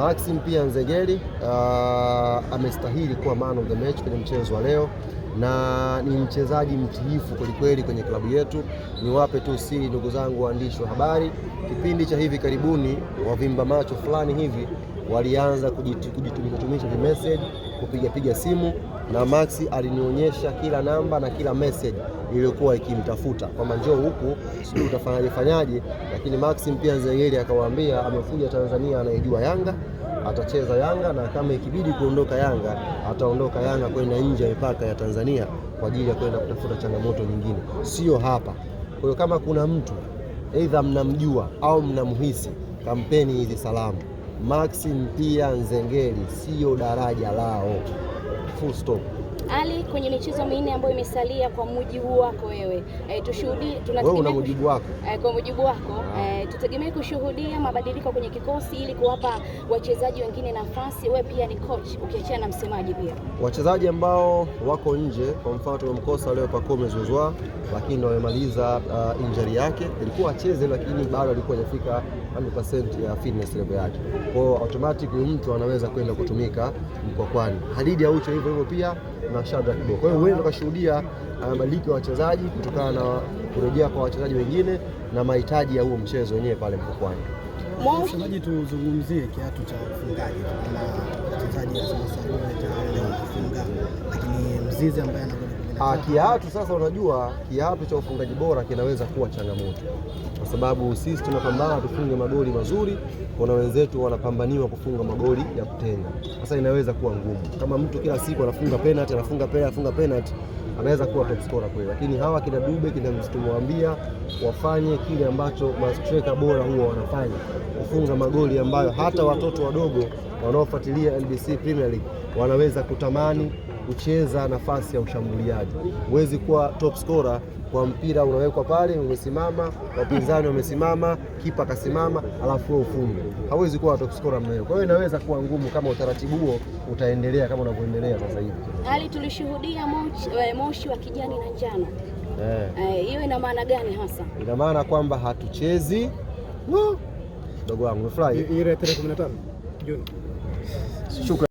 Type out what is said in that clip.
Maxim pia Nzegeli uh, amestahili kuwa man of the match kwenye mchezo wa leo na ni mchezaji mtiifu kwelikweli kwenye klabu yetu. Niwape tu siri, ndugu zangu waandishi wa habari, kipindi cha hivi karibuni wavimba macho fulani hivi walianza kujitumisha vimeseji, kupigapiga simu na Max alinionyesha kila namba na kila message iliyokuwa ikimtafuta kwamba njoo huku, sijui utafanyaje fanyaje, lakini Max pia Zengeli akawaambia amekuja Tanzania, anayejua Yanga atacheza Yanga, na kama ikibidi kuondoka Yanga ataondoka Yanga kwenda nje ya mipaka ya Tanzania kwa ajili ya kwenda kutafuta changamoto nyingine, sio hapa. Kwa hiyo kama kuna mtu aidha mnamjua au mnamhisi, kampeni hizi salamu Max Mpia Nzengeli sio daraja lao. full stop. Ali, kwenye michezo minne ambayo imesalia kwa mujibu wako wewe, e, eh, tushuhudie, tunategemea mujibu wako, e, kwa mujibu wako e, tutegemee kushuhudia mabadiliko kwenye kikosi ili kuwapa wachezaji wengine nafasi. Wewe pia ni coach, ukiachana na msemaji, pia wachezaji ambao wako nje, kwa mfano tumemkosa leo Pacome Zouzoua, lakini wamemaliza uh, injury yake, ilikuwa acheze, lakini bado alikuwa hajafika 100% ya fitness level yake, kwa hiyo automatic mtu anaweza kwenda kutumika Mkwakwani. Hadidi Aucho hivyo hivyo pia na shada kidogo. Kwa hiyo huenda ukashuhudia uh, mabadiliko ya wachezaji kutokana na kurejea kwa wachezaji wengine na mahitaji ya huo mchezo wenyewe pale Mkwakwani. Msemaji, tuzungumzie kiatu cha ufungaji na wachezaji wa lazima sana leo kufunga, lakini mzizi ambaye Ah, kiatu sasa, unajua kiatu cha ufungaji bora kinaweza kuwa changamoto, kwa sababu sisi tunapambana tufunge magoli mazuri, kuna wenzetu wanapambaniwa kufunga magoli ya kutenga. Sasa inaweza kuwa ngumu, kama mtu kila siku anafunga penalty, anafunga penalty, anafunga penalty, anaweza kuwa top scorer kweli, lakini hawa kina Dube kina tumewambia wafanye kile ambacho mastreka bora huwa wanafanya, kufunga magoli ambayo hata watoto wadogo wanaofuatilia NBC Premier League wanaweza kutamani kucheza nafasi ya ushambuliaji. Huwezi kuwa top scorer kwa mpira unawekwa pale, umesimama, wapinzani wamesimama, kipa akasimama, alafu ufunge. Hawezi kuwa top scorer mwenyewe. Kwa hiyo inaweza kuwa ngumu kama utaratibu huo utaendelea kama unavyoendelea sasa hivi. Hali tulishuhudia eh, moshi wa kijani na njano, eh. Eh, hiyo ina maana gani hasa? Ina maana kwamba hatuchezi. Dogo wangu umefurahi ile tarehe 15 Juni. Shukrani.